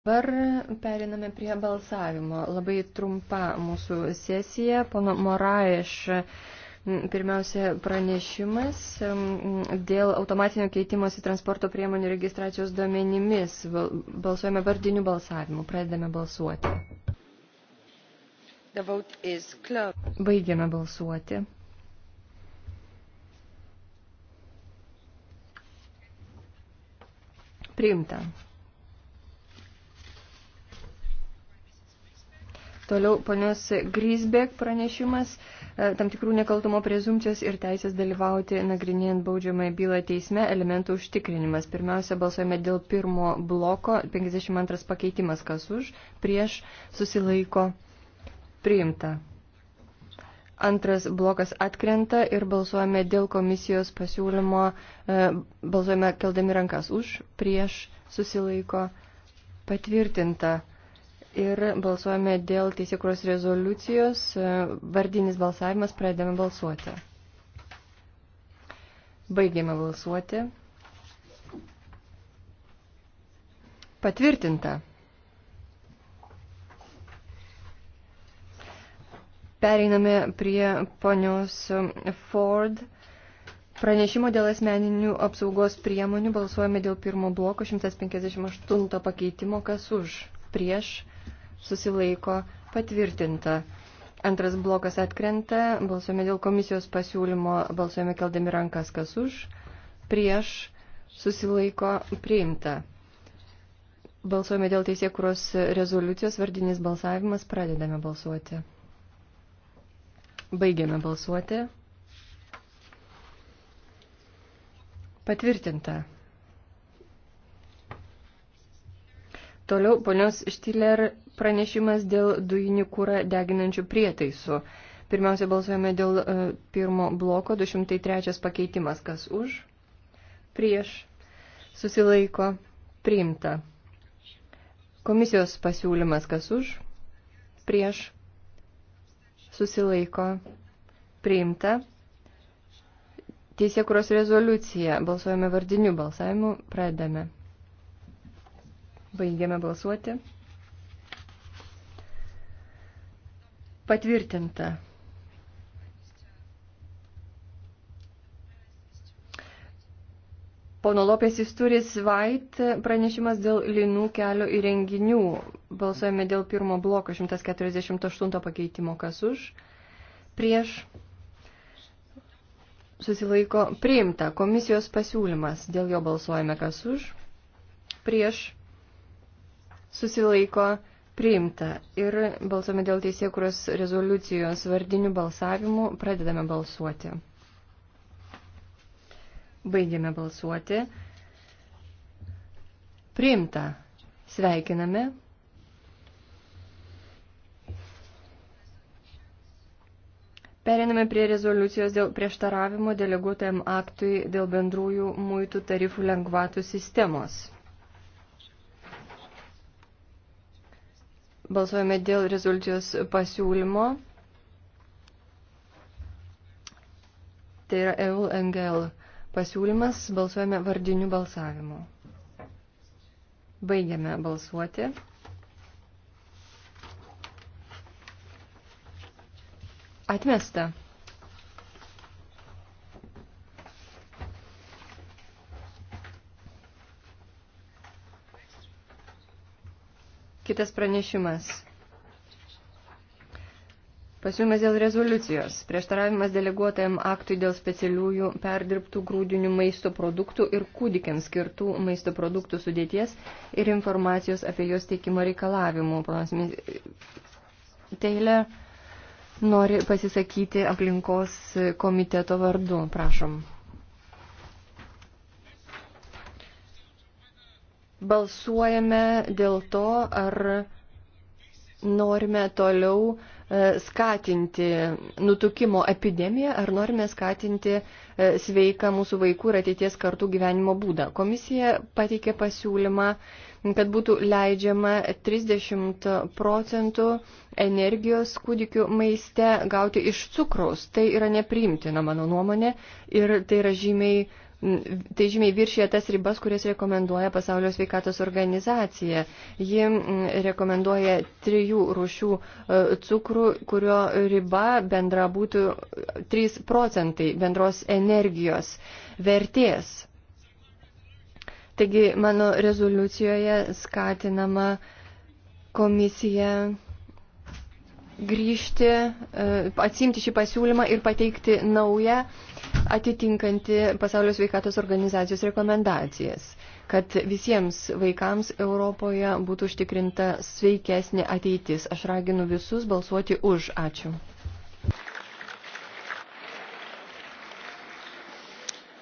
Dabar periname prie balsavimo. Labai trumpa mūsų sesija. Pono Moraiš, pirmiausia, pranešimas dėl automatinio keitimosi transporto priemonių registracijos duomenimis. Balsuojame vardiniu balsavimu. Pradedame balsuoti. Baigiame balsuoti. Priimta. Toliau ponios Grisbek pranešimas e, tam tikrų nekaltumo prezumcijos ir teisės dalyvauti nagrinėjant baudžiamąją bylą teisme elementų užtikrinimas. Pirmiausia, balsuojame dėl pirmo bloko, 52 pakeitimas, kas už, prieš susilaiko priimta. Antras blokas atkrenta ir balsuojame dėl komisijos pasiūlymo, e, balsuojame keldami rankas už, prieš susilaiko patvirtinta ir balsuojame dėl teisėkuros rezoliucijos. Vardinis balsavimas pradedame balsuoti. Baigėme balsuoti. Patvirtinta. Pereiname prie ponios Ford. Pranešimo dėl asmeninių apsaugos priemonių balsuojame dėl pirmo bloko 158 pakeitimo, kas už, prieš, susilaiko patvirtinta. Antras blokas atkrenta, balsuojame dėl komisijos pasiūlymo, balsuojame keldami rankas, kas už, prieš, susilaiko priimta. Balsuojame dėl teisėkuros rezoliucijos, vardinis balsavimas, pradedame balsuoti. Baigiame balsuoti. Patvirtinta. Toliau ponios Štiler pranešimas dėl dujinį kūrą deginančių prietaisų. Pirmiausia, balsuojame dėl e, pirmo bloko 203 pakeitimas. Kas už? Prieš. Susilaiko. Priimta. Komisijos pasiūlymas. Kas už? Prieš. Susilaiko. Priimta. Teisėkuros rezoliucija. Balsuojame vardiniu balsavimu. Pradame. Baigėme balsuoti. Patvirtinta. Pono Lopės Isturis Vait pranešimas dėl linų kelio įrenginių. Balsuojame dėl pirmo bloko 148 pakeitimo. Kas už? Prieš susilaiko priimta komisijos pasiūlymas. Dėl jo balsuojame kas už. Prieš susilaiko priimta. Ir balsuome dėl teisėkuros rezoliucijos vardinių balsavimų. Pradedame balsuoti. Baigėme balsuoti. Priimta. Sveikiname. Periname prie rezoliucijos dėl prieštaravimo deleguotojam aktui dėl bendrųjų muitų tarifų lengvatų sistemos. Balsuojame dėl rezoliucijos pasiūlymo. Tai yra EULNGL pasiūlymas. Balsuojame vardiniu balsavimu. Baigiame balsuoti. Atmesta. Kitas pranešimas. Pasiūlymas dėl rezoliucijos. Prieštaravimas deleguotajam aktui dėl specialiųjų perdirbtų grūdinių maisto produktų ir kūdikiams skirtų maisto produktų sudėties ir informacijos apie jos teikimo reikalavimų. Teilė nori pasisakyti aplinkos komiteto vardu. Prašom. balsuojame dėl to, ar norime toliau e, skatinti nutukimo epidemiją, ar norime skatinti e, sveiką mūsų vaikų ir ateities kartų gyvenimo būdą. Komisija pateikė pasiūlymą, kad būtų leidžiama 30 procentų energijos kūdikių maiste gauti iš cukraus. Tai yra nepriimtina, mano nuomonė, ir tai yra žymiai Tai žymiai viršė tas ribas, kurias rekomenduoja Pasaulio sveikatos organizacija. Ji rekomenduoja trijų rušių e, cukrų, kurio riba bendra būtų 3 e, procentai bendros energijos vertės. Taigi mano rezoliucijoje skatinama komisija grįžti, e, atsimti šį pasiūlymą ir pateikti naują atitinkantį pasaulio sveikatos organizacijos rekomendacijas, kad visiems vaikams Europoje būtų užtikrinta sveikesnė ateitis. Aš raginu visus balsuoti už. Ačiū.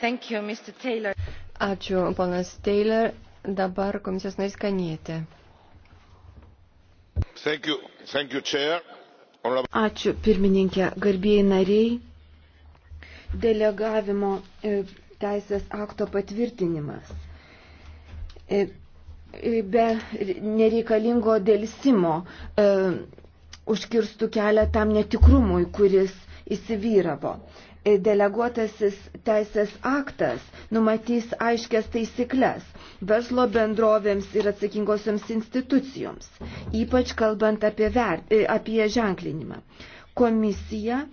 Thank you, Mr. Taylor. Ačiū, ponas Taylor. Dabar komisijos narys Kanietė. Thank you. Thank you, Chair. Ačiū, pirmininkė, garbėjai nariai. Delegavimo e, teisės akto patvirtinimas. E, e, be nereikalingo dėlsimo e, užkirstų kelią tam netikrumui, kuris įsivyravo deleguotasis teisės aktas numatys aiškias taisyklės verslo bendrovėms ir atsakingosioms institucijoms, ypač kalbant apie, ver, apie ženklinimą. Komisija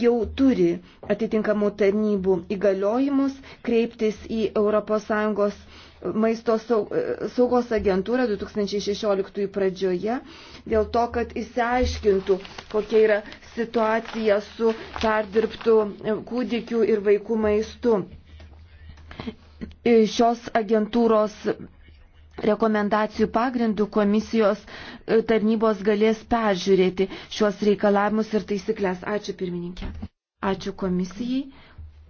jau turi atitinkamų tarnybų įgaliojimus kreiptis į ES maisto saugos agentūrą 2016 pradžioje dėl to, kad įsiaiškintų, kokia yra situacija su perdirbtų kūdikių ir vaikų maistu. Šios agentūros rekomendacijų pagrindų komisijos e, tarnybos galės peržiūrėti šiuos reikalavimus ir taisyklės. Ačiū pirmininkė. Ačiū komisijai.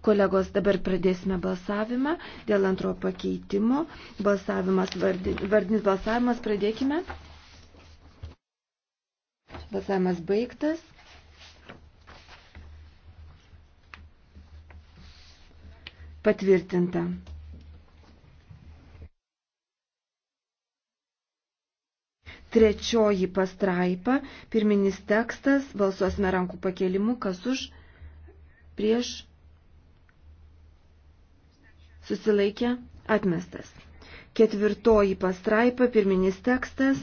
Kolegos, dabar pradėsime balsavimą dėl antro pakeitimo. Balsavimas, vardinis balsavimas, pradėkime. Balsavimas baigtas. Patvirtinta. Trečioji pastraipa, pirminis tekstas, balsuosime rankų pakelimu, kas už, prieš, susilaikė, atmestas. Ketvirtoji pastraipa, pirminis tekstas.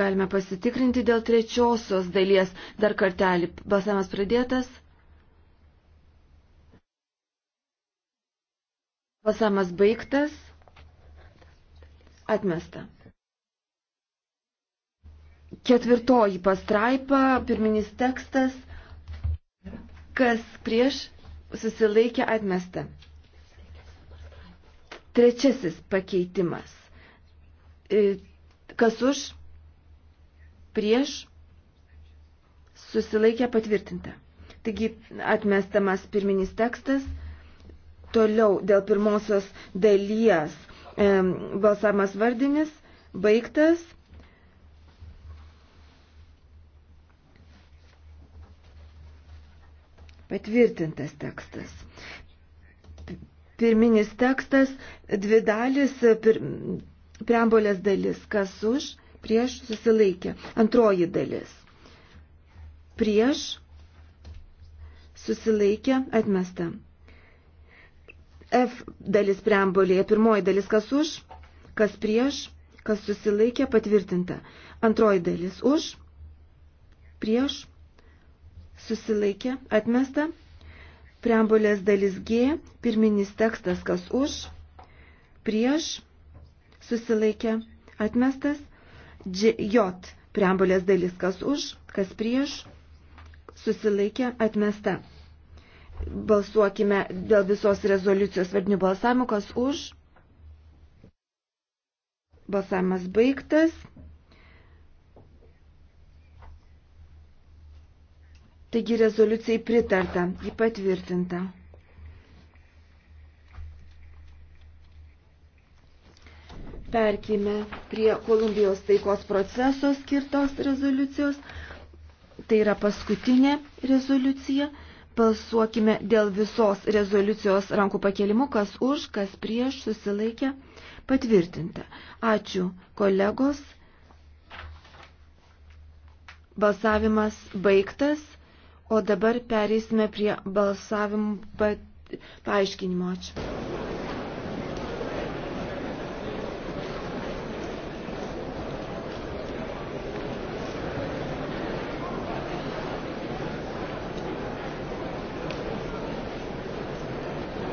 Galime pasitikrinti dėl trečiosios dalies. Dar kartelį balsavimas pradėtas. Balsavimas baigtas. Atmesta. Ketvirtoji pastraipa, pirminis tekstas, kas prieš susilaikė atmesta. Trečiasis pakeitimas. E, kas už, prieš, susilaikė patvirtinta. Taigi atmestamas pirminis tekstas. Toliau dėl pirmosios dalies balsavimas vardinis baigtas. Patvirtintas tekstas. Pirminis tekstas, dvi dalis, pir, preambolės dalis, kas už, prieš susilaikė. Antroji dalis. Prieš susilaikė atmesta. F dalis preambulėje, pirmoji dalis kas už, kas prieš, kas susilaikė patvirtinta. Antroji dalis už, prieš, susilaikė atmesta. Preambulės dalis G, pirminis tekstas kas už, prieš, susilaikė atmestas. G, J, preambulės dalis kas už, kas prieš, susilaikė atmesta. Balsuokime dėl visos rezoliucijos vardinių balsavimų, kas už. Balsavimas baigtas. Taigi rezoliucijai pritarta, ji patvirtinta. Perkime prie Kolumbijos taikos proceso skirtos rezoliucijos. Tai yra paskutinė rezoliucija. Balsuokime dėl visos rezoliucijos rankų pakelimu, kas už, kas prieš, susilaikė, patvirtinta. Ačiū, kolegos. Balsavimas baigtas, o dabar pereisime prie balsavimų paaiškinimo. Ačiū.